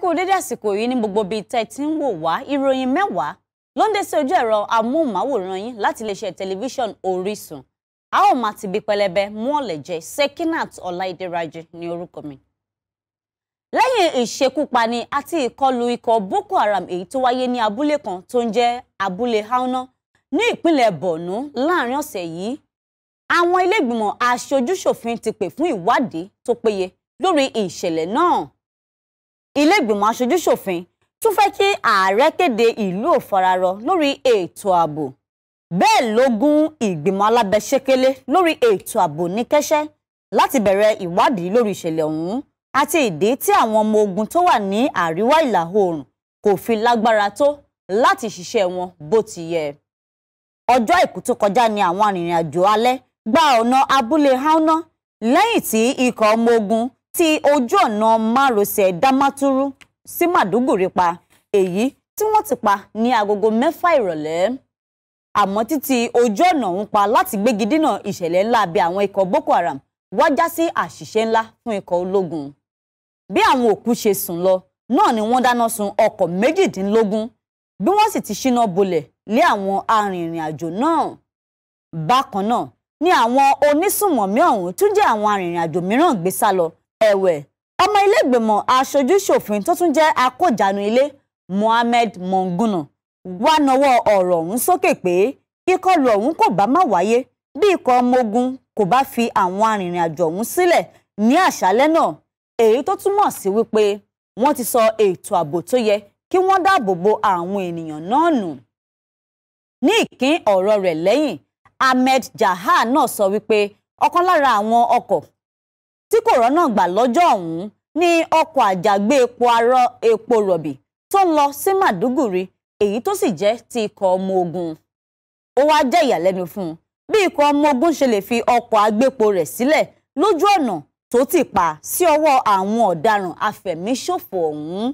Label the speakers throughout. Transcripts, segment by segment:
Speaker 1: kú dédé àsìkò yìí ní gbogbo bíi tẹ́ ti ń wò wá ìròyìn mẹ́wàá ló ń dé sí ojú ẹ̀rọ amóhùnmáwòrán yín láti iléeṣẹ́ tẹlifíṣọ̀n Orísun a ó máa ti bí pẹlẹbẹ mú ọ̀lẹ̀jẹ̀ Sekinat Ọláìdéraji ní orúkọ mi. lẹ́yìn ìṣekúpani àti ìkọlù ikọ̀ Boko Haram èyí tó wáyé ní abúlé kan tó ń jẹ́ abúlé haúná ní ìpínlẹ̀ Borno láàrin ọ̀sẹ̀ yìí àwọn ilé ìgbìmọ̀ aṣojúṣòfin ti pè fún ìwádìí tó péye lórí ìṣẹ̀lẹ̀ náà ilé ìgbìmọ̀ aṣojúṣòfin tún fẹ́ kí ààrẹ kéde ìlú òfararọ lórí ètò ààbò bẹ́ẹ̀ ló gún ìgbìmọ̀ alábẹ́sẹ́kẹ́lé lórí ètò ààbò ní kẹ́sẹ́ láti bẹ̀rẹ̀ ìwádìí lórí ìṣẹ̀lẹ̀ ọ̀hún àti ìdí tí àwọn ọmọ ogun tó wà ní àríwá ìlà oòrùn kò fi lágbára tó láti ṣiṣẹ́ wọn bó ti yẹ. ọjọ́ àìkú tó kọjá ni àwọn arìnrìn-àjò alẹ́ gba ọ̀nà abúlé haúná lẹ́yìn tí ikọ̀ ọmọ ogun ti ojú ọ̀nà márosẹ̀ Damaturu sí Màdúgùrí pa èyí tí wọ́n ti pa ní agogo mẹ́fà ìrọ̀lẹ́ àmọ́ títí ojú ọ̀nà ọ̀hún pa láti gbégi dínà ìṣẹ̀lẹ̀ ńlá bí àwọn ikọ̀ Boko Haram wá já sí àṣìṣe ńlá fún ikọ̀ ológun bí àwọn òkú ṣe sùn lọ náà ni wọ́n dáná sun ọkọ̀ méjìdínlógún bí wọ́n sì ti ṣíná bolẹ̀ lé àwọn arìnrìn náà bákan náà ni àwọn onísùnmọ̀mí ọ̀hún tún jẹ́ àwọn arìnrìn mìíràn gbé sá lọ ẹ̀wẹ̀ ọmọ ilégbèmọ̀ aṣojúṣòfin tó tún jẹ́ akójànú ilé Mohammed Mongunu wá nawọ́ ọ̀rọ̀ ọ̀hún sókè pé ìkọlù ọ̀hún kò bá má wáyé bí ikọ̀ ọmọ ogun kò bá fi àwọn arìnrìn-àjò ọ̀hún sílẹ̀ ní àṣálẹ́ náà èyí tó túmọ̀ sí wípé wọ́n ti sọ ètò ààbò tó yẹ kí wọ́n dáàbò bo àwọn ènìyàn náà nù. ní ìkín ọ̀rọ̀ rẹ̀ lẹ́yìn Ahmed Jahar náà sọ wípé ọ̀kan lára àwọn ọkọ̀ tí kò rọ́nà gbà lọ́jọ́ ọ̀hún ní ọkọ̀ àjàgbé epo arọ epo rọ̀bì tó ń lọ sí Màdúgùrí èyí tó sì jẹ́ ti ikọ̀ ọmọ ogun ó wá jẹ́ ìyàlẹ́nu fún un bí ikọ̀ ọmọ ogun ṣe lè fi ọkọ̀ agbépo rẹ̀ sílẹ̀ lójú ọ̀nà tó ti pa sí ọwọ́ àwọn ọ̀daràn afẹ̀míṣòfò ọ̀hún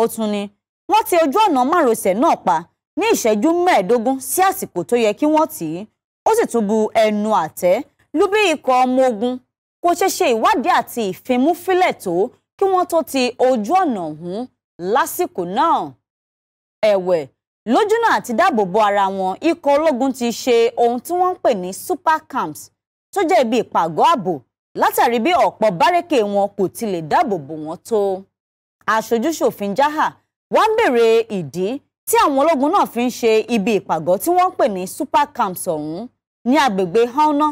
Speaker 1: ó tún ní wọ́n ti ojú ọ̀nà márosẹ̀ náà pa ní ìṣẹ́jú mẹ́ẹ̀ẹ́dógún sí àsìkò tó yẹ kí wọ́n tì í ó sì tún bu ẹnu àtẹ́ lù bí ikọ̀ ọmọ ogun kò ṣe ṣe ìwádìí àti ìfimúfilẹ̀ tó kí wọ́n tó ti ojú ọ̀nà ọ̀hún lásìkò náà. ẹ̀wẹ̀ lójúnà àti dáàbò ara wọn ikọ̀ ológun ti ṣe ohun tí wọ́n ń pè ní super camps tó jẹ́ ibi ìpàgọ́ ààbò látàrí bí ọ̀pọ̀ bárẹ́kè wọn kò ti lè dáàbò bò wọ́n tó. aṣojúṣòfin Jaha wá ń béèrè ìdí tí àwọn ológun náà fi ń ṣe ibi ìpàgọ́ tí wọ́n ń pè ní super camps ọ̀hún ní agbègbè haúná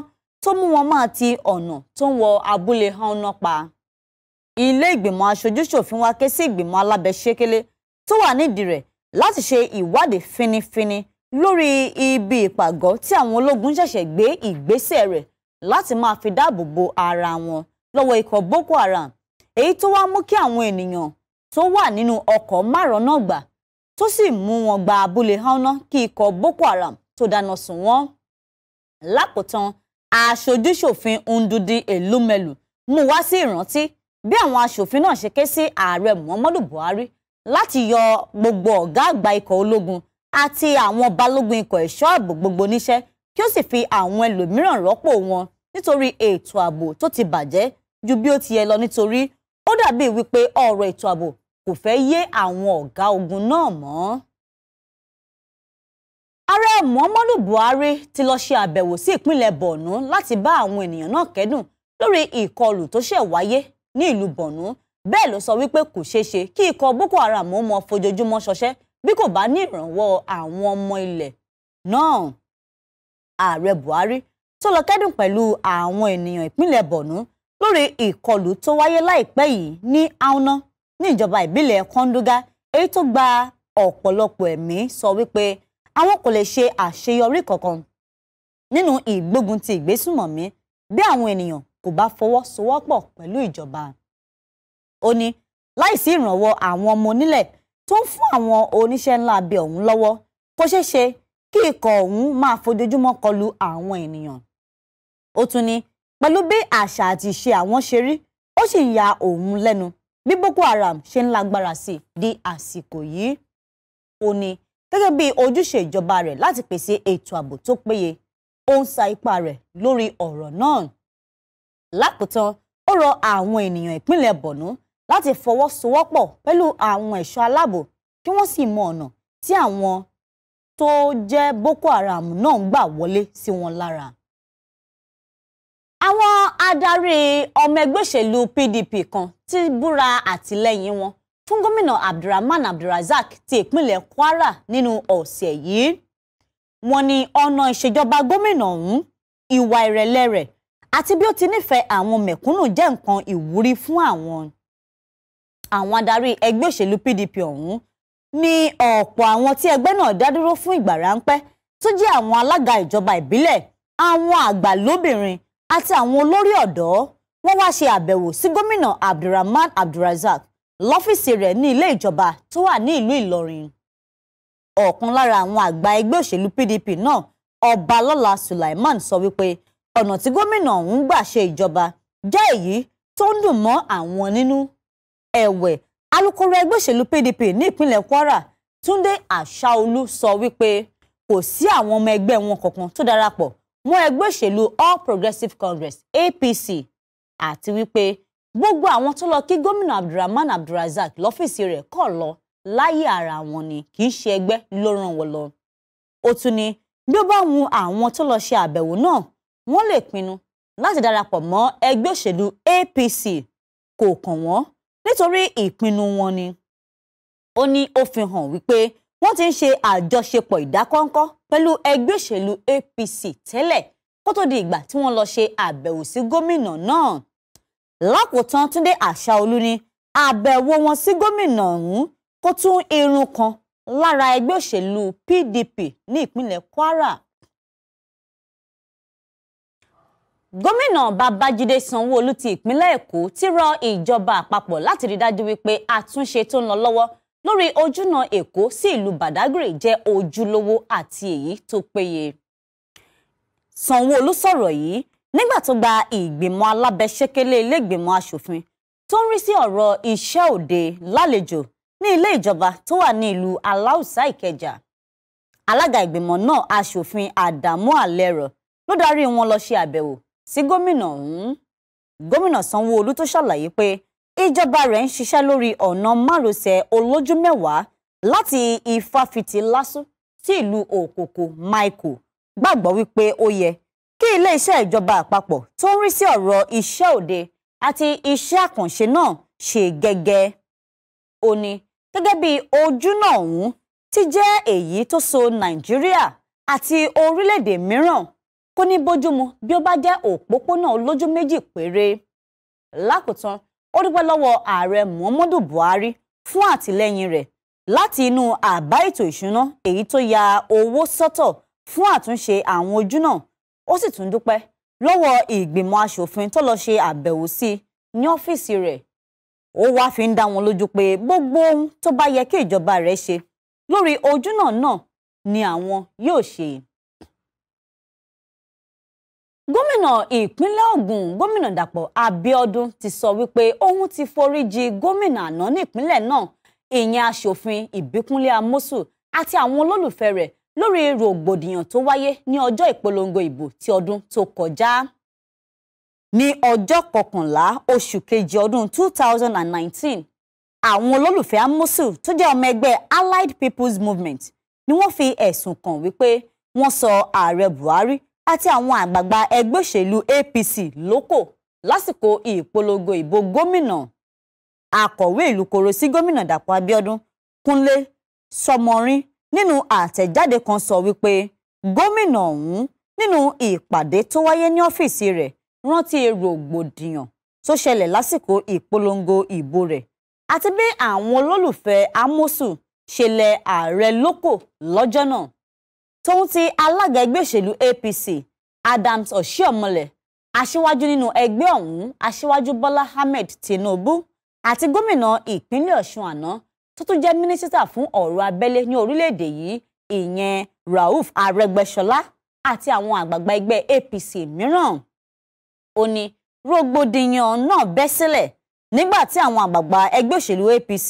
Speaker 1: tó mú wọn máa ti ọ̀nà tó ń wọ abúlé hanná pa. ilé ìgbìmọ̀ aṣojúṣòfin wa ké sí ìgbìmọ̀ alábẹ́sẹ́kẹ́lé tó wà nídìí rẹ̀ láti ṣe ìwádìí finifini lórí ibi ìpàgọ́ tí àwọn ológun ṣẹ̀ṣẹ̀ gbé ìgbésẹ̀ rẹ̀ láti máa fi dáàbò bo ara wọn lọ́wọ́ ikọ̀ Boko Haram èyí tó wá mú kí àwọn ènìyàn tó wà nínú ọkọ̀ márùn náà gbà tó sì mú wọn gba abúlé hanná kí ikọ̀ Boko Haram tó dáná sun wọ́n. lákòótán aṣojúṣòfin Ndudi Elumelu mú wá sí ìrántí bí àwọn aṣòfin náà ṣe ké sí ààrẹ Muhammadu Buhari láti yọ gbogbo ọ̀gá àgbà ikọ̀ ológun àti àwọn balógun ikọ̀ ẹ̀ṣọ́ ààbò gbogbo níṣẹ́ kí ó sì fi àwọn ẹlòmíràn rọ́pò wọn nítorí ètò ààbò tó ti bàjẹ́ ju bí ó ti yẹ lọ nítorí ó dàbí wípé ọ̀rọ̀ ètò ààbò kò fẹ́ yé àwọn ọ̀gá ogun náà mọ́ ààrẹ muhammadu buhari ti lọ ṣe àbẹ̀wò sí ìpínlẹ̀ borno láti bá àwọn ènìyàn náà kẹ́dùn lórí ìkọlù tó ṣẹ̀ wáyé ní ìlú borno bẹ́ẹ̀ ló sọ wípé kò ṣeé ṣe kí ikọ̀ boko haram ó mọ fojoojúmọ́ ṣọṣẹ́ bí kò bá ní ìrànwọ́ àwọn ọmọ ilẹ̀ náà ààrẹ buhari tó lọ kẹ́dùn pẹ̀lú àwọn ènìyàn ìpínlẹ̀ borno lórí ìkọlù tó wáyé láìpẹ́ yìí ní auna ní ìjọba ìbílẹ̀ kondoga èyí tó gba ọ̀pọ̀lọpọ̀ ẹ̀mí sọ wípé àwọn kò lè ṣe àṣeyọrí kankan nínú ìgbógun ti ìgbésùmọ̀mí bí àwọn ènìyàn kò bá fọwọ́sowọ́pọ̀ pẹ̀lú ìjọba. ó ní láìsí ìrànwọ́ àwọn ọmọ onílẹ̀ tó ń fún àwọn oníṣẹ́ ńlá abẹ ọ̀hún lọ́wọ́ kò ṣeé ṣe kí ikọ̀ ọ̀hún máa fojoojúmọ́ kọlu àwọn ènìyàn. ó tún ní pẹ̀lú bí àṣà àti ìṣe àwọn ṣe rí ó sì ń ya òun lẹ́nu bí Boko Haram ṣe ń lágbára sí i di àsìkò yìí. ó ní gẹ́gẹ́ bí ojúṣe ìjọba rẹ̀ láti pèsè ètò ààbò tó péye ó ń sa ipá rẹ̀ lórí ọ̀rọ̀ náà. lákòótán ó rọ àwọn ènìyàn ìpínlẹ̀ Borno láti fọwọ́sowọ́pọ̀ pẹ̀lú àwọn ẹ̀ṣọ́ aláàbò kí wọ́n sì mọ ọ̀nà tí àwọn tó jẹ́ Boko Haram náà ń gbà wọlé sí wọn lára. àwọn adarí ọmọ ẹgbẹ́ òṣèlú PDP kan ti búra àtìlẹ́yìn wọn fún gómìnà abdulrahman abdulrazak ti ìpínlẹ̀ kwara nínú ọ̀sẹ̀ yìí wọ́n ní ọ̀nà ìṣèjọba gómìnà ọ̀hún ìwà ìrẹ̀lẹ̀ rẹ̀ àti bí ó ti nífẹ̀ẹ́ àwọn mẹ̀kúnnù jẹ́ nǹkan ìwúrí fún àwọn àwọn adarí ẹgbẹ́ òṣèlú pdp ọ̀hún ní ọ̀pọ̀ àwọn tí ẹgbẹ́ náà dá dúró fún ìgbà ráńpẹ́ tó jẹ́ àwọn alága ìjọba ìbílẹ̀ àwọn àgbà lóbìnrin àti àwọn olórí ọ̀dọ́ wọ́n wá ṣe àbẹ̀wò sí gómìnà abdulrahman abdulrazak lọ́fíìsì rẹ̀ ní ilé ìjọba tó wà ní ìlú Ìlọrin ọ̀kan lára àwọn àgbà ẹgbẹ́ òṣèlú PDP náà Ọbalọ́lá Sulaiman sọ wípé ọ̀nà tí gómìnà ọ̀hún gbà ṣe ìjọba jẹ́ èyí tó ń dùn mọ́ àwọn nínú ẹ̀wẹ̀ alukoro ẹgbẹ́ òṣèlú PDP ní ìpínlẹ̀ Kwara Túndé Àṣàolú sọ wípé kò sí àwọn ọmọ ẹgbẹ́ wọn kankan tó darapọ̀ mọ́ ẹgbẹ́ òṣèlú All Progressives Congress APC àti wípé gbogbo àwọn tó lọ kí gómìnà abdulrahman abdulrasaq lọ́fíìsì rẹ̀ kọ̀ lọ láyé ara wọn ni kì í ṣe ẹgbẹ́ ló ràn wọ́n lọ. ó tún ní bí ó bá wù àwọn tó lọ ṣe àbẹ̀wò náà wọ́n lè pinnu láti darapọ̀ mọ́ ẹgbẹ́ òṣèlú APC kò kàn wọ́n nítorí ìpinnu wọn ni. ó ní ó fi hàn wípé wọ́n ti ń ṣe àjọṣepọ̀ ìdákọ́ńkọ́ pẹ̀lú ẹgbẹ́ òṣèlú APC tẹ́lẹ̀ kó tó di ìgbà tí wọ́n lọ ṣe àbẹ̀wò sí gómìnà náà lákòótán Túndé Àṣàolú ní àbẹ̀wò wọn sí gómìnà ọ̀hún kó tún irun kan lára ẹgbẹ́ òṣèlú PDP ní ìpínlẹ̀ Kwara. gómìnà Babájídé Sanwó-Olú ti ìpínlẹ̀ Èkó ti rọ ìjọba àpapọ̀ láti rí dájú wípé àtúnṣe tó ń lọ lọ́wọ́ lórí ojúnà Èkó sí ìlú Badagry jẹ́ ojúlówó àti èyí tó péye. Sanwó-Olú yìí nígbà tó gba ìgbìmọ̀ alábẹ́sẹ́kẹ́lé ilégbìmọ̀ aṣòfin tó ń rí sí ọ̀rọ̀ iṣẹ́ òde lálejò ní ilé ìjọba tó wà ní ìlú aláùsá ìkẹjà alága ìgbìmọ̀ náà aṣòfin àdàmú àlẹ́rọ̀ ló darí wọn lọ ṣe àbẹ̀wò sí gómìnà ọ̀hún gómìnà sanwóolu tó ṣàlàyé pé ìjọba rẹ̀ ń ṣiṣẹ́ lórí ọ̀nà márosẹ̀ olójú mẹ́wàá láti ìfáfitì lásù sí ìlú òkòkò michael gbàgbọ́ wípé ó yẹ kí iléeṣẹ́ ìjọba àpapọ̀ tó ń rí sí ọ̀rọ̀ iṣẹ́ òde àti iṣẹ́ àkànṣe náà ṣe gẹ́gẹ́ ó ní gẹ́gẹ́ bí ojúnà ọ̀hún ti jẹ́ èyí tó so nàìjíríà àti orílẹ̀-èdè mìíràn kó ní bójúmu bí ó bá jẹ́ òpópónà olójú méjì péré lákòótán ó dúpẹ́ lọ́wọ́ ààrẹ muhammadu buhari fún àtìlẹ́yìn rẹ̀ láti inú àbá ètò ìṣúná èyí tó ya owó sọ́tọ̀ fún àtúnṣe àwọn ojú náà ó sì tún dúpẹ́ lọ́wọ́ ìgbìmọ̀ asòfin tó lọ ṣe àbẹ̀wò sí ní ọ́fíìsì rẹ̀ ó wáá fi ń dá wọn lójú pé gbogbo ohun tó bá yẹ kí ìjọba rẹ̀ ṣe lórí ojúnà náà ni àwọn yóò ṣe. gómìnà ìpínlẹ̀ Ògùn gómìnà Dàpọ̀ Abíọ́dún ti sọ wípé òun ti forí jì gómìnà àná nípínlẹ̀ náà ìyẹn asòfin Ìbíkúnlé Amósù àti àwọn olólùfẹ́ rẹ̀ lórí rògbòdìyàn tó wáyé ní ọjọ́ ìpolongo ìbò ti ọdún tó kọjá ní ọjọ́ kọkànlá oṣù kejì ọdún 2019 àwọn olólùfẹ́ amosul tó jẹ́ ọmọ ẹgbẹ́ Allied People's Movement ni wọ́n fi ẹ̀sùn kàn wípé wọ́n sọ ààrẹ Buhari àti àwọn àgbààgbà ẹgbẹ́ òṣèlú APC lókò lásìkò ìpolongo ìbò gómìnà akọ̀wé ìlú koro sí gómìnà Dàpọ̀ Abíọ́dún kunle Sọmọrin nínú àtẹ̀jáde kan sọ wípé gómìnà ọ̀hún nínú ìpàdé tó wáyé ní ọ́fíìsì rẹ̀ rántí rògbòdìyàn tó ṣẹlẹ̀ lásìkò ìpolongo ìbò rẹ̀ àti bí àwọn olólùfẹ́ Amosu ṣe lẹ̀ ààrẹ lóko lọ́jọ́ náà tóun ti alága ẹgbẹ́ òṣèlú APC Adams Oshiomhole aṣíwájú nínú ẹgbẹ́ ọ̀hún aṣíwájú Bọ́lá Ahmed Tinubu àti gómìnà ìpínlẹ̀ Ọ̀ṣun àná tó tún jẹ́ mínísítà fún ọ̀rọ̀ abẹ́lé ní orílẹ̀-èdè yìí ìyẹn Rauf Arẹ́gbẹ́ṣọlá àti àwọn àgbààgbà ẹgbẹ́ APC mìíràn ó ní rògbòdìyàn náà bẹ́ sílẹ̀ nígbà tí àwọn àgbààgbà ẹgbẹ́ òṣèlú APC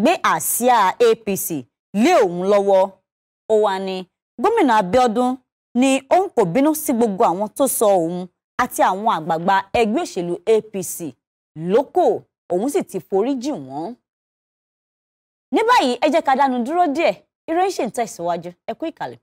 Speaker 1: gbé àsíá APC lé òun lọ́wọ́ ó wá ní gómìnà Abíọ́dún ni òun kò bínú sí gbogbo àwọn tó sọ òun àti àwọn àgbààgbà ẹgbẹ́ òṣèlú APC lóko òun sì ti foríjì wọ́n ní báyìí ẹ jẹ́ ká dánu dúró díẹ̀ ìròyìn ṣì ń tẹ̀síwájú ẹ kú ìkàlẹ̀.